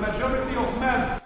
majority of men.